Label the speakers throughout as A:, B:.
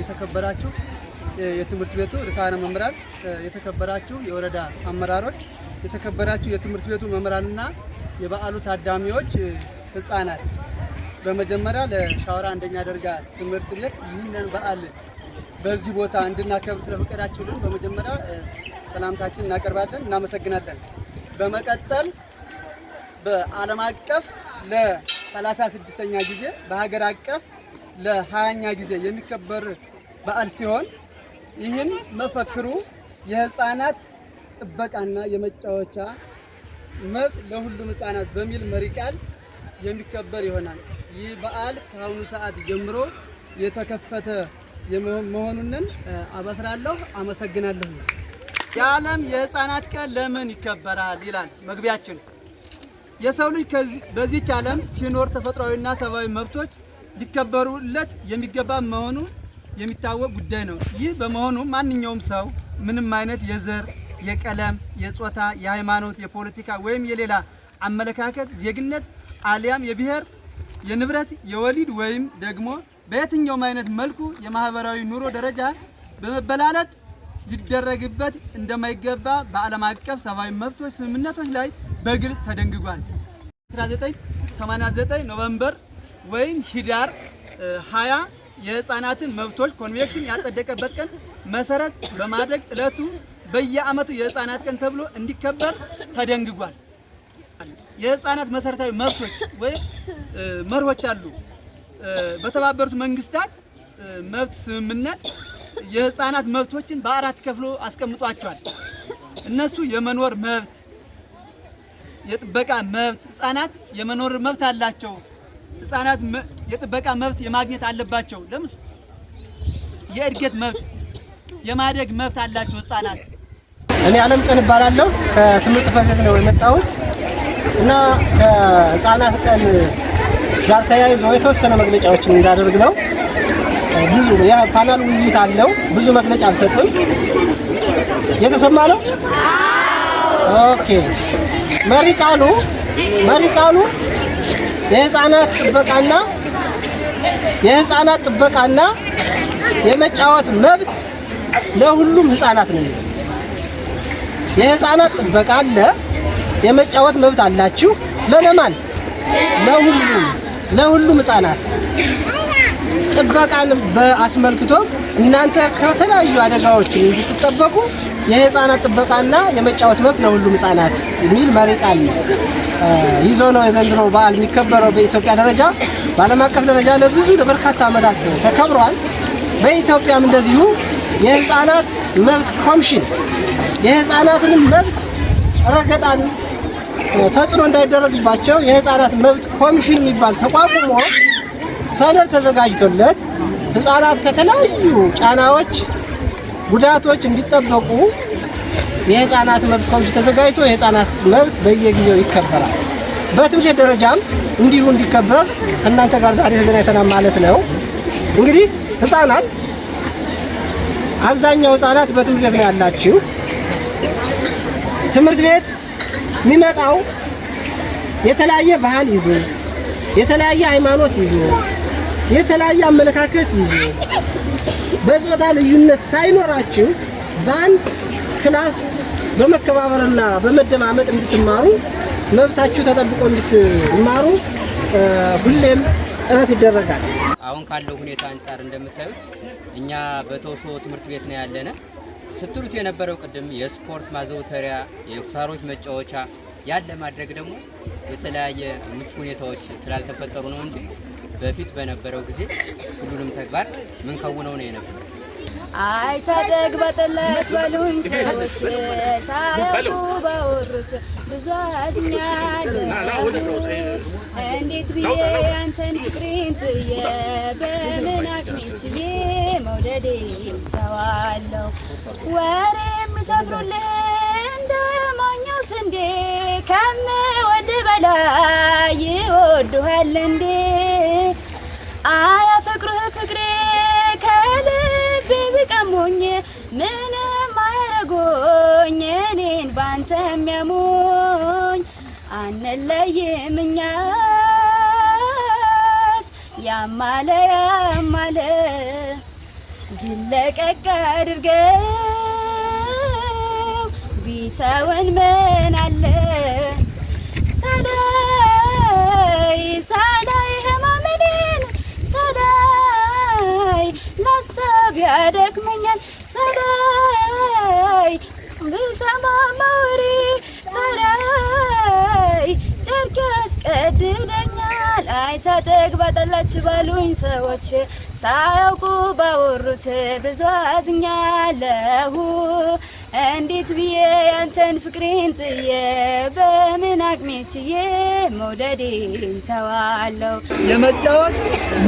A: የተከበራችሁ የትምህርት ቤቱ ርዕሳነ መምህራን፣ የተከበራችሁ የወረዳ አመራሮች፣ የተከበራችሁ የትምህርት ቤቱ መምህራንና የበዓሉ ታዳሚዎች ህፃናት፣ በመጀመሪያ ለሻወራ አንደኛ ደረጃ ትምህርት ቤት ይህንን በዓል በዚህ ቦታ እንድናከብር ስለፈቀዳችሁልን በመጀመሪያ ሰላምታችን እናቀርባለን፣ እናመሰግናለን። በመቀጠል በዓለም አቀፍ ለ36ኛ ጊዜ በሀገር አቀፍ ለሀያኛ ጊዜ የሚከበር በዓል ሲሆን ይህም መፈክሩ የህፃናት ጥበቃና የመጫወቻ መብት ለሁሉም ህፃናት በሚል መሪ ቃል የሚከበር ይሆናል። ይህ በዓል ከአሁኑ ሰዓት ጀምሮ የተከፈተ መሆኑንን አበስራለሁ። አመሰግናለሁ። የዓለም የህፃናት ቀን ለምን ይከበራል? ይላል መግቢያችን። የሰው ልጅ በዚች ዓለም ሲኖር ተፈጥሯዊና ሰብአዊ መብቶች ሊከበሩለት የሚገባ መሆኑ የሚታወቅ ጉዳይ ነው። ይህ በመሆኑ ማንኛውም ሰው ምንም አይነት የዘር፣ የቀለም፣ የጾታ፣ የሃይማኖት፣ የፖለቲካ ወይም የሌላ አመለካከት ዜግነት አሊያም የብሔር፣ የንብረት፣ የወሊድ ወይም ደግሞ በየትኛውም አይነት መልኩ የማህበራዊ ኑሮ ደረጃ በመበላለጥ ሊደረግበት እንደማይገባ በዓለም አቀፍ ሰብአዊ መብቶች ስምምነቶች ላይ በግልጽ ተደንግጓል። 1989 ኖቨምበር ወይም ህዳር ሀያ የህፃናትን መብቶች ኮንቬንሽን ያጸደቀበት ቀን መሰረት በማድረግ እለቱ በየአመቱ የህፃናት ቀን ተብሎ እንዲከበር ተደንግጓል። የህፃናት መሰረታዊ መብቶች ወይም መርሆች አሉ። በተባበሩት መንግስታት መብት ስምምነት የህፃናት መብቶችን በአራት ከፍሎ አስቀምጧቸዋል። እነሱ የመኖር መብት፣ የጥበቃ መብት፣ ህፃናት የመኖር መብት አላቸው። ህጻናት የጥበቃ መብት የማግኘት አለባቸው። ለምስ የእድገት መብት የማደግ መብት አላቸው ህጻናት። እኔ አለም ቀን እባላለሁ ከትምህርት ጽሕፈት ቤት ነው የመጣሁት እና ከህጻናት ቀን ጋር ተያይዞ የተወሰነ መግለጫዎችን እንዳደርግ ነው። ብዙ የፓናል ውይይት አለው። ብዙ መግለጫ አልሰጥም። የተሰማ ነው። ኦኬ መሪ ቃሉ መሪ ቃሉ የህፃናት ጥበቃና የህፃናት ጥበቃና የመጫወት መብት ለሁሉም ህፃናት ነው። የህፃናት ጥበቃ አለ፣ የመጫወት መብት አላችሁ። ለነማን? ለሁሉም ለሁሉም ህፃናት ጥበቃን በአስመልክቶ እናንተ ከተለያዩ አደጋዎች እንድትጠበቁ የህፃናት ጥበቃና የመጫወት መብት ለሁሉም ህፃናት የሚል መሪ ቃል ይዞ ነው የዘንድሮ በዓል የሚከበረው። በኢትዮጵያ ደረጃ በዓለም አቀፍ ደረጃ ለብዙ ለበርካታ ዓመታት ተከብሯል። በኢትዮጵያም እንደዚሁ የህፃናት መብት ኮሚሽን የህፃናትንም መብት ረገጣን ተጽዕኖ እንዳይደረግባቸው የህፃናት መብት ኮሚሽን የሚባል ተቋቁሞ ሰነድ ተዘጋጅቶለት ህፃናት ከተለያዩ ጫናዎች ጉዳቶች እንዲጠበቁ የህፃናት መብት ኮሚሽን ተዘጋጅቶ የህፃናት መብት በየጊዜው ይከበራል። በትምህርት ደረጃም እንዲሁ እንዲከበር ከእናንተ ጋር ዛሬ ተገናኝተናል ማለት ነው። እንግዲህ ህፃናት አብዛኛው ህፃናት በትምህርት ቤት ነው ያላችሁ። ትምህርት ቤት የሚመጣው የተለያየ ባህል ይዞ የተለያየ ሃይማኖት ይዞ የተለያየ አመለካከት ይዞ በጾታ ልዩነት ሳይኖራችሁ በአንድ ክላስ በመከባበርና በመደማመጥ እንድትማሩ መብታችሁ ተጠብቆ እንድትማሩ ሁሌም ጥረት ይደረጋል።
B: አሁን ካለው ሁኔታ አንጻር እንደምታዩት እኛ በተወሶ ትምህርት ቤት ነው ያለነ። ስትሉት የነበረው ቅድም የስፖርት ማዘውተሪያ የኩታሮች መጫወቻ ያለ ማድረግ ደግሞ የተለያየ ምቹ ሁኔታዎች ስላልተፈጠሩ ነው እንጂ በፊት በነበረው ጊዜ ሁሉንም ተግባር ምን ከውነው ነው የነበረው? አይ ታደግ በጥለት በሉኝ ሰዎች ሳያውቁ በወሩት ብዙ አዝኛለሁ እንዴት ብዬ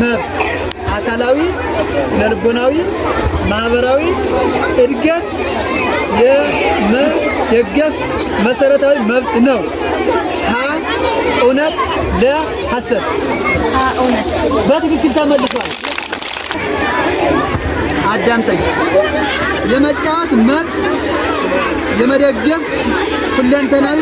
A: መብት አካላዊ፣ ስነልቦናዊ፣ ማህበራዊ እድገት የመደገፍ መሰረታዊ መብት ነው። ሀ እውነት፣ ለ ሐሰት። በትክክል ተመልሷል። አዳምጠኝ። የመጫወት መብት የመደገፍ ሁለንተናዊ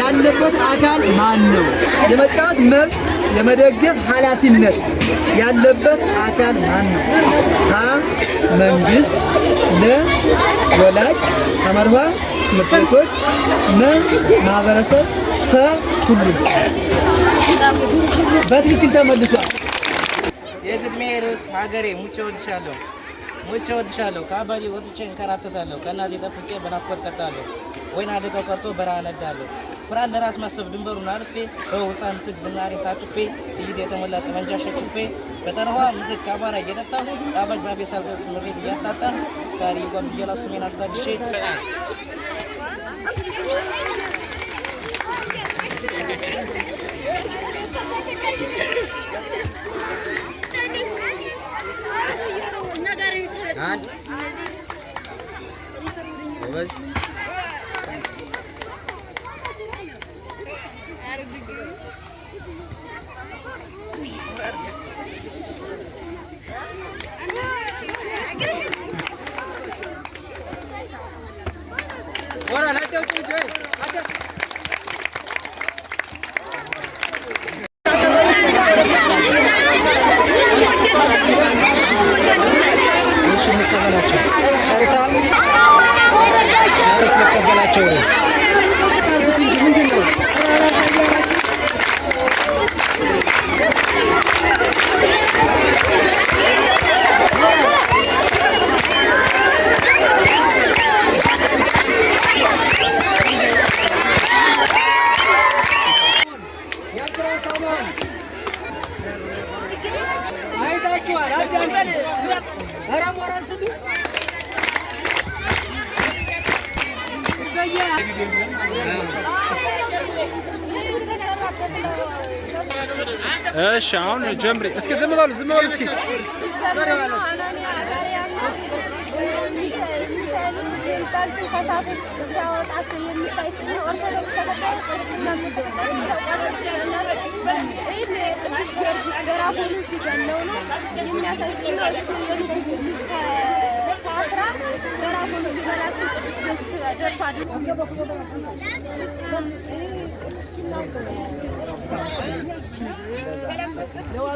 A: ያለበት አካል ማን ነው? የመጫወት መብት የመደገፍ ኃላፊነት ያለበት አካል ማን ነው? ሀ መንግስት፣ ለ ወላጅ፣ ተመርባ ትምህርት ቤቶች፣ መ ማህበረሰብ፣ ሰ ሁሉም። በትክክል ተመልሷል።
B: የግድሜ ርዕስ ሀገሬ ሙቼ ወድሻለሁ፣ ሙቼ ወድሻለሁ። ከአባቴ ወጥቼ እንከራተታለሁ፣ ከእናቴ ጠፍቄ በናፍቆት ጠጣለሁ፣ ወይን አደቀው ቀርቶ በረሃ ነዳለሁ። ቁርአን ለራስ ማሰብ ድንበሩን አልፌ በውፃን ትግ ዝናሬ ታቅፌ ጥይት የተሞላ ጠመንጃ ሸክፌ በጠረዋ ምትክ አቧራ እየጠጣሁ ጣፋጭ ባቤ ሳልቀስ ምሬት እያጣጣ ሳሪ ጓብየላ ስሜን አስታግሼ
C: ጀምሪ እስኪ ዝም በሉ ዝም በሉ እስኪ የሚያሳዝነው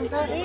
C: አንተ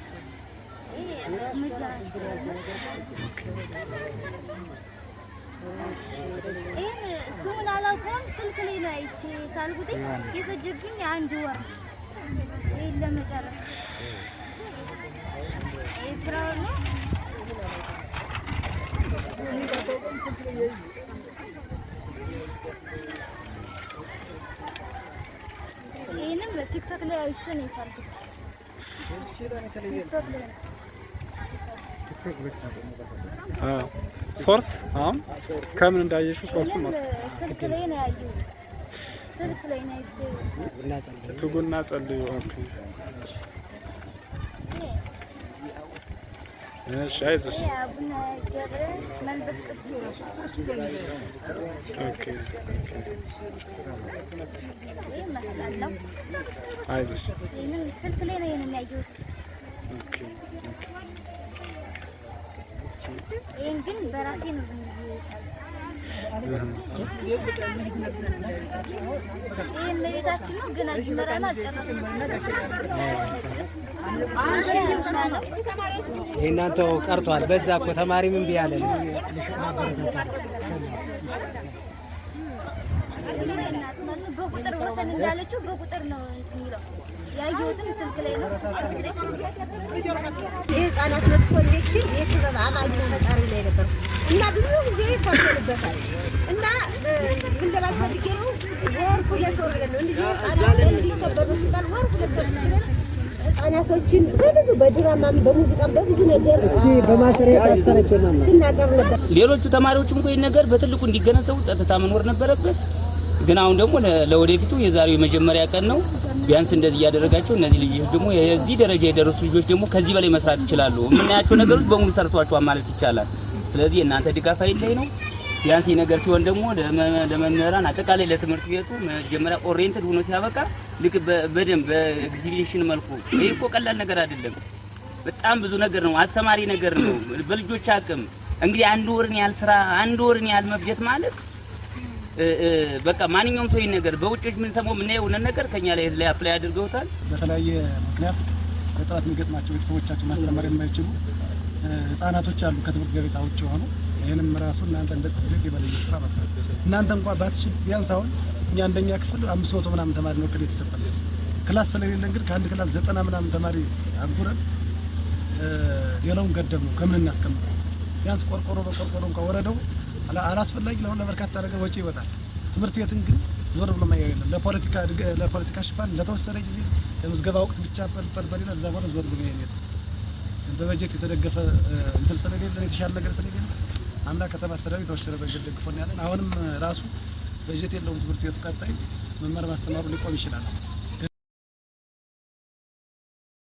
C: አይቼ ነው የሳልኩት። ሶርስ አሁን ከምን እንዳየሽው ሶርሱን ስልክ ላይ ነው ያየሁት። ስልክ ላይ ነው ያየሁት። ትጉና ጸልዩ። ኦኬ እሺ፣ አይዞሽ። ኦኬ ይህን ግን በራሴ ነው።
A: ይህን ቤታችን ነው ግን የእናንተው ቀርቷል። በዛ እኮ ተማሪ ምን ብያለን
D: የህፃናት መብት ኮሌክሽን የክበብ አባል ተፈጣሪ ላይ ነበር እና ብዙ ጊዜ እና ፈልጌ ነው ወር ሁለት ወር ብለን ነው ህፃናት እንዲከበሩ ሲባል ወር ሁለት ወር ብለን በብዙ በብዙ ነገር ነበር። ሌሎቹ ተማሪዎችም እኮ ይህን ነገር በትልቁ እንዲገነዘቡ ጸጥታ መኖር ነበረበት። ግን አሁን ደግሞ ለወደፊቱ የዛሬው የመጀመሪያ ቀን ነው። ቢያንስ እንደዚህ እያደረጋቸው እነዚህ ልጆች ደግሞ የዚህ ደረጃ የደረሱ ልጆች ደግሞ ከዚህ በላይ መስራት ይችላሉ። የምናያቸው ነገሮች በሙሉ ሰርቷቸዋል ማለት ይቻላል። ስለዚህ እናንተ ድጋፍ አይለይ ነው። ቢያንስ ይህ ነገር ሲሆን ደግሞ ለመምህራን አጠቃላይ ለትምህርት ቤቱ መጀመሪያ ኦሪየንትድ ሆኖ ሲያበቃ ልክ በደንብ በኤግዚቢሽን መልኩ ይህ እኮ ቀላል ነገር አይደለም። በጣም ብዙ ነገር ነው። አስተማሪ ነገር ነው። በልጆች አቅም እንግዲህ አንድ ወርን ያህል ስራ አንድ ወርን ያህል መብጀት ማለት በቃ ማንኛውም ሰው ይህን ነገር በውጭ የምንሰማው አምስት መቶ ምናምን ተማሪ ነው እቅድ የተሰጠን። ክላስ ስለሌለ እንግዲህ ከአንድ ክላስ ዘጠና ምናምን ተማሪ አጉረን ሌላውን ገደብ ነው ከምን እናስቀምጠው? ቢያንስ ቆርቆሮ በቆርቆሮ እንኳ ወረደው አላስፈላጊ ለሆነ ለበርካታ ነገር ወጪ ይወጣል። ትምህርት ቤትን ግን ዞር ብሎ ማያ የለም። ለፖለቲካ ለፖለቲካ ሽፋን ለተወሰነ ጊዜ ለምዝገባ ወቅት ብቻ ፈልፈል በሌላ እዛ ሆነ ዞር ብሎ ያ በበጀት የተደገፈ እንትን ስለሌለ የተሻለ ነገር ስለሌለ አምላክ ከተማ አስተዳደሩ የተወሰነ በጀት ደግፎን ያለን አሁንም መማር ማስተማሩ ሊቆም ይችላል።